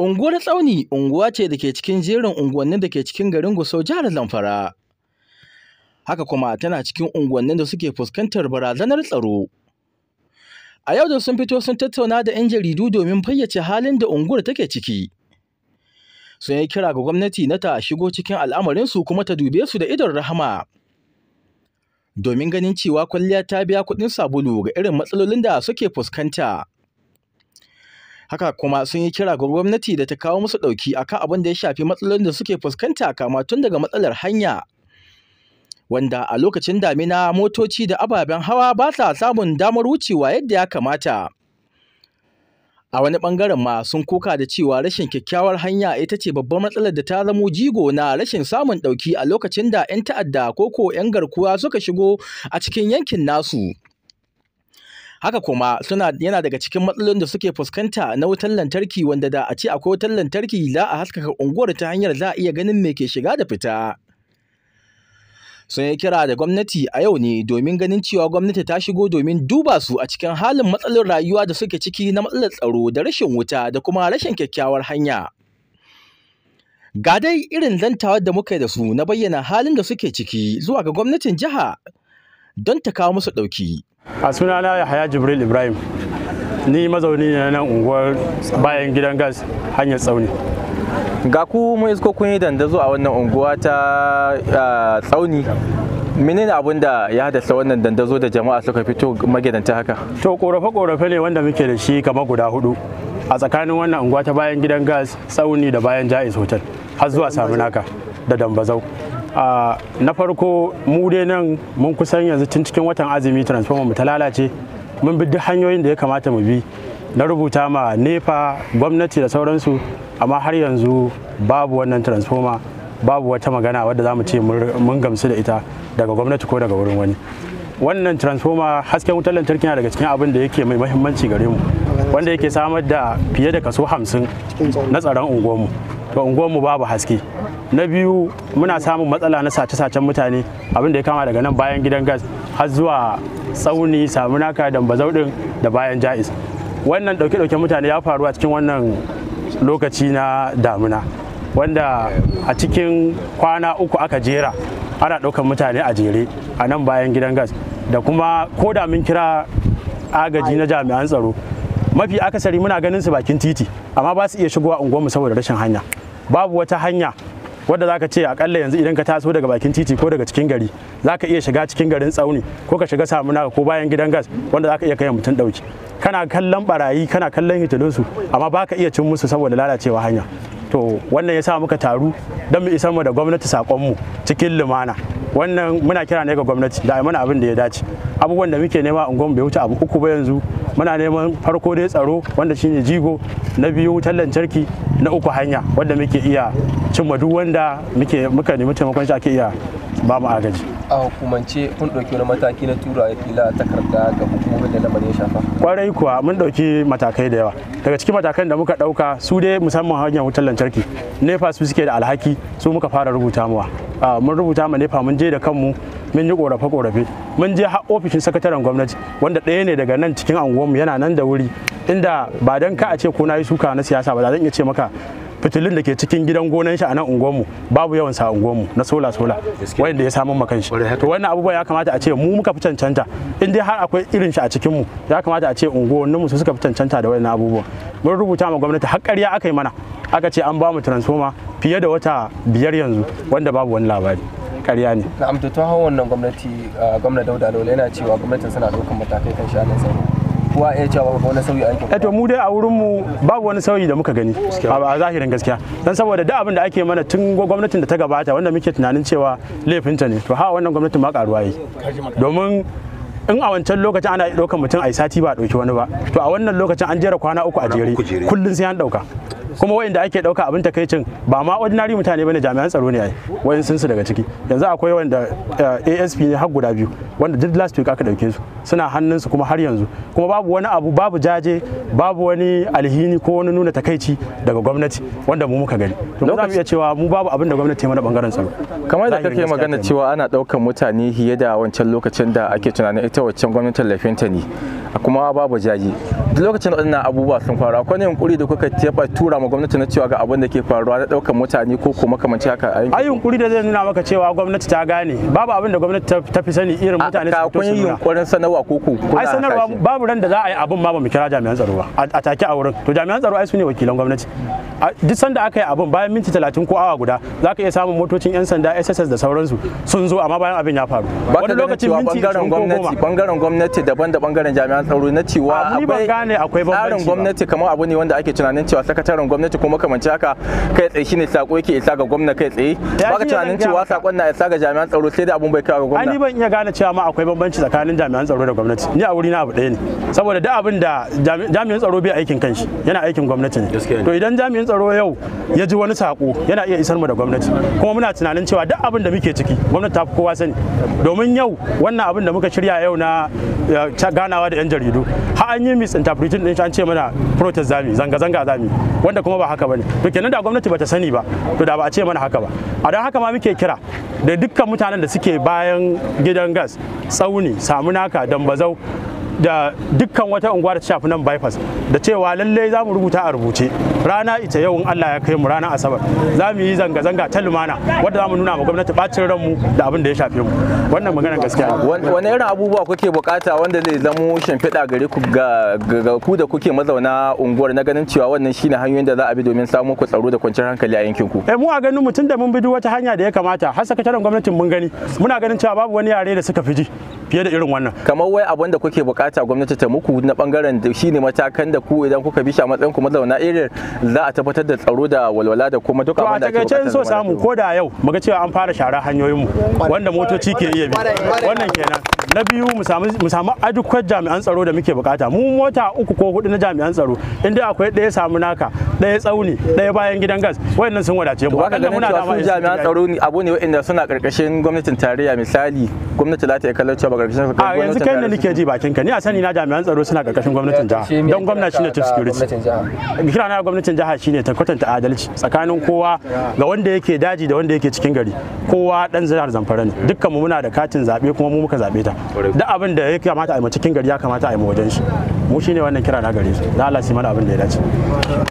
Unguwar Tsauni unguwa ce da ke cikin jerin unguwannin da ke cikin garin Gusau, jihar Zamfara. Haka kuma tana cikin unguwannin da suke fuskantar barazanar tsaro. A yau da sun fito sun tattauna da 'yan jaridu domin fayyace halin da unguwar take ciki. Sun yi kira ga gwamnati na ta shigo cikin al'amarin su kuma ta dube su da idon rahama. Domin ganin cewa kwalliya ta biya kuɗin sabulu ga irin matsalolin da suke fuskanta. haka kuma sun yi kira ga gwamnati da ta kawo musu ɗauki akan abin da ya shafi matsalolin da suke fuskanta kama tun daga matsalar hanya wanda a lokacin damina motoci da ababen hawa ba sa samun damar wucewa yadda ya kamata a wani bangaren ma sun kuka da cewa rashin kyakkyawar hanya ita ce babbar matsalar da ta zamo jigo na rashin samun ɗauki a lokacin da 'yan ta'adda ko ko 'yan garkuwa suka shigo a cikin yankin nasu haka kuma suna yana daga cikin matsalolin da suke fuskanta na wutar lantarki wanda da a ce akwai wutar lantarki za a haskaka unguwar ta hanyar za a iya ganin me ke shiga da fita sun yi kira da gwamnati a yau ne domin ganin cewa gwamnati ta shigo domin duba su a cikin halin matsalar rayuwa da suke ciki na matsalar tsaro da rashin wuta da kuma rashin kyakkyawar hanya ga dai irin zantawar da muka yi da su na bayyana halin da suke ciki zuwa ga gwamnatin jiha don ta kawo musu ɗauki a sunana yahaya jibril ibrahim ni mazauni ne nan unguwar bayan gidan gas hanyar tsauni ga ku mu isko kun yi dandazo a wannan unguwa ta tsauni menene abin da ya haddasa wannan dandazo da jama'a suka fito magidanta haka to korafe-korafe ne wanda muke da shi kamar guda hudu a tsakanin wannan unguwa ta bayan gidan gas tsauni da bayan jais hotel har zuwa samunaka da dambazau a na farko mu dai nan mun kusan yanzu tun cikin watan azumi transformer mu ta lalace mun bi duk hanyoyin da ya kamata mu bi na rubuta ma nefa gwamnati da sauransu amma har yanzu babu wannan transformer babu wata magana wadda za mu ce mun gamsu da ita daga gwamnati ko daga wurin wani wannan transformer hasken wutar lantarki na daga cikin abin da yake mai mahimmanci gare mu wanda yake samar da fiye da kaso hamsin na tsaron unguwarmu to unguwarmu babu haske na biyu muna samun matsala na sace-sacen mutane abin da ya kama daga nan bayan gidan gas har zuwa tsauni samunaka da din da bayan ja'is wannan ɗauke-ɗauke mutane ya faru a cikin wannan lokaci na damuna wanda a cikin kwana uku aka jera ana ɗaukar mutane a jere a nan bayan gidan gas da kuma ko da mun kira agaji na jami'an tsaro mafi akasari muna ganin su bakin titi amma ba su iya shigowa unguwarmu saboda rashin hanya babu wata hanya wanda zaka ce akalla yanzu idan ka taso daga bakin titi ko daga cikin gari zaka iya shiga cikin garin tsauni ko ka shiga samuna ko bayan gidan gas wanda zaka iya kai mutum dauki kana kallon barayi kana kallon su amma baka iya cin musu saboda lalacewa hanya to wannan ya sa muka taru don mu isar mu da gwamnati saƙonmu cikin lumana wannan muna kira ne ga gwamnati da mana abin da ya dace abubuwan da muke nema a unguwan bai wuce abu uku ba yanzu muna neman farko dai tsaro wanda shine jigo na biyu wutar lantarki na uku hanya wanda muke iya cimma duk wanda muke muka nemi taimakon shi ake iya ba mu agaji a hukumance kun ɗauki wani mataki na tura kila takarda ga hukumomin da lamarin ya shafa kwarai kuwa mun ɗauki matakai da yawa daga cikin matakan da muka ɗauka su dai musamman hanyar wutar lantarki nefa su suke da alhaki su muka fara rubuta muwa mun rubuta ma nefa mun je da kanmu mun yi korafe-korafe mun je har ofishin sakataren gwamnati wanda ɗaya ne daga nan cikin anguwanmu yana nan da wuri inda ba dan ka a ce ko na yi suka na siyasa ba zan iya ce maka fitilun da ke cikin gidan gonan shi a nan unguwanmu babu yawan sa unguwanmu na sola sola wayan da ya samu maka shi to wannan abubuwa ya kamata a ce mu muka fi cancanta in dai har akwai irin shi a cikin mu ya kamata a ce unguwanninmu su suka fi cancanta da wayan abubuwa mun rubuta ma gwamnati har ƙarya aka yi mana aka ce an ba mu transformer fiye da wata biyar yanzu wanda babu wani labari ƙarya ne na'am amta ta hawan wannan gwamnati gwamna Dauda Lola yana cewa gwamnatin suna ɗaukar matakai kan shanin sauyi. Kuwa ya ce babu wani sauyi a aikin eh, to mu dai a wurin mu babu wani sauyi da muka gani a zahirin gaskiya dan saboda da abin da ake mana tun gwamnatin da ta gabata wanda muke tunanin cewa laifinta ne to ha wannan gwamnatin ma karuwa yi domin in a wancan lokacin ana ɗaukar mutum a sati ba a ɗauki wani ba to a wannan lokacin an jera kwana uku a jere kullum sai an ɗauka kuma wayanda ake dauka abin takaicin ba ma ordinary mutane bane jami'an tsaro ne ai wayan sun su daga ciki yanzu akwai wanda eh, ASP ne har guda biyu wanda duk last week aka dauke su suna hannun su kuma har yanzu kuma babu wani abu babu jaje babu wani alhini ko wani nuna takaici daga gwamnati wanda mu muka gani to za mu iya cewa mu babu abin da gwamnati mana bangaren tsaro kamar da kake magana cewa ana daukan mutane fiye da wancan lokacin da ake tunanin ita waccan gwamnatin lafinta ne kuma babu jaje duk lokacin da abubuwa sun faru akwai ne yunkuri da kuka tefa tura ma gwamnati na cewa ga abin da ke faruwa na daukan mutane ko kuma kamanci haka a yankin ai yunkuri da zai nuna maka cewa gwamnati ta gane babu abin da gwamnati ta fi sani irin mutane su kun yi yunkurin sanarwa ko ku ai sanarwa babu ran da za a yi abin ma ba mu kira jami'an tsaro ba a take a wurin to jami'an tsaro ai su ne wakilan gwamnati duk sanda aka yi abin bayan minti 30 ko awa guda za ka iya samun motocin yan sanda SSS da sauransu sun zo amma bayan abin ya faru wani lokacin minti 20 ko 10 bangaren gwamnati daban da bangaren jami'an tsaro na cewa akwai ne akwai bambanci tsarin gwamnati kamar abu ne wanda ake tunanin cewa sakataren gwamnati ko makamanci haka kai tsaye shine sako yake isa ga gwamnati kai tsaye baka tunanin cewa sakon na isa ga jami'an tsaro sai da abun bai kawo gwamnati ani ban iya gane cewa ma akwai bambanci tsakanin jami'an tsaro da gwamnati ni a wuri na abu ɗaya ne saboda duk abin da jami'an tsaro bai aikin kanshi yana aikin gwamnati ne to idan jami'an tsaro yau ya ji wani sako yana iya isar mu da gwamnati kuma muna tunanin cewa duk abin da muke ciki gwamnati ta fi kowa sani domin yau wannan abin da muka shirya yau na ganawa da 'yan jaridu har an yi misinterpreting din shi an ce mana protest zami zanga-zanga zami wanda kuma ba haka bane to kenan da gwamnati bata sani ba to da ba a ce mana haka ba a don haka ma muke kira da dukkan mutanen da suke bayan gidan gas tsauni samu samunaka dambazau da dukkan wata unguwa da ta shafi nan bypass da cewa lallai za mu rubuta a rubuce rana ita yau in Allah ya kai mu rana asabar za mu yi zanga-zanga ta lumana wadda za mu nuna ma gwamnati bacin ranmu da abin da ya shafe mu wannan magana gaskiya wani irin abubuwa kuke bukata wanda zai zamo shimfiɗa gare ku ga ku da kuke mazauna unguwar na ganin cewa wannan shine hanyoyin da za a bi domin samu ku tsaro da kwanciyar hankali a yankin ku eh mu a ganin mutun da mun bi duk wata hanya da ya kamata har sakataren gwamnatin mun gani muna ganin cewa babu wani yare da suka fi ji fiye da irin wannan kamar wai abin da kuke bukata gwamnati ta muku na bangaren da shine matakan da ku idan kuka bi shi a matsayin ku mazauna irin za a tabbatar da tsaro da walwala da kuma duk abin da ake bukata so samu ko da yau muga cewa an fara shara hanyoyin mu wanda motoci ke iya bi wannan kenan na biyu mu samu mu jami'an tsaro da muke bukata mu mota uku ko hudu na jami'an tsaro inda akwai ɗaya samu naka ɗaya tsauni ɗaya bayan gidan gas wayannan sun wadace mu haka ganin da su jami'an tsaro ne abu ne wayanda suna karkashin gwamnatin tarayya misali gwamnati za ta iya kallon cewa ba karkashin a yanzu kai ne nake ji bakin ka ni a sani na jami'an tsaro suna karkashin gwamnatin jiha don gwamnati shine ta security kira na gwamnatin jiha shine ta kwatanta adalci tsakanin kowa ga wanda yake daji da wanda yake cikin gari kowa dan jihar zamfara ne dukkan mu muna da katin zabe kuma mu muka zabe ta duk abin da ya kamata a yi cikin gari ya kamata a yi wajen shi mu shine wannan kira na gare shi da Allah sai mana abin da ya dace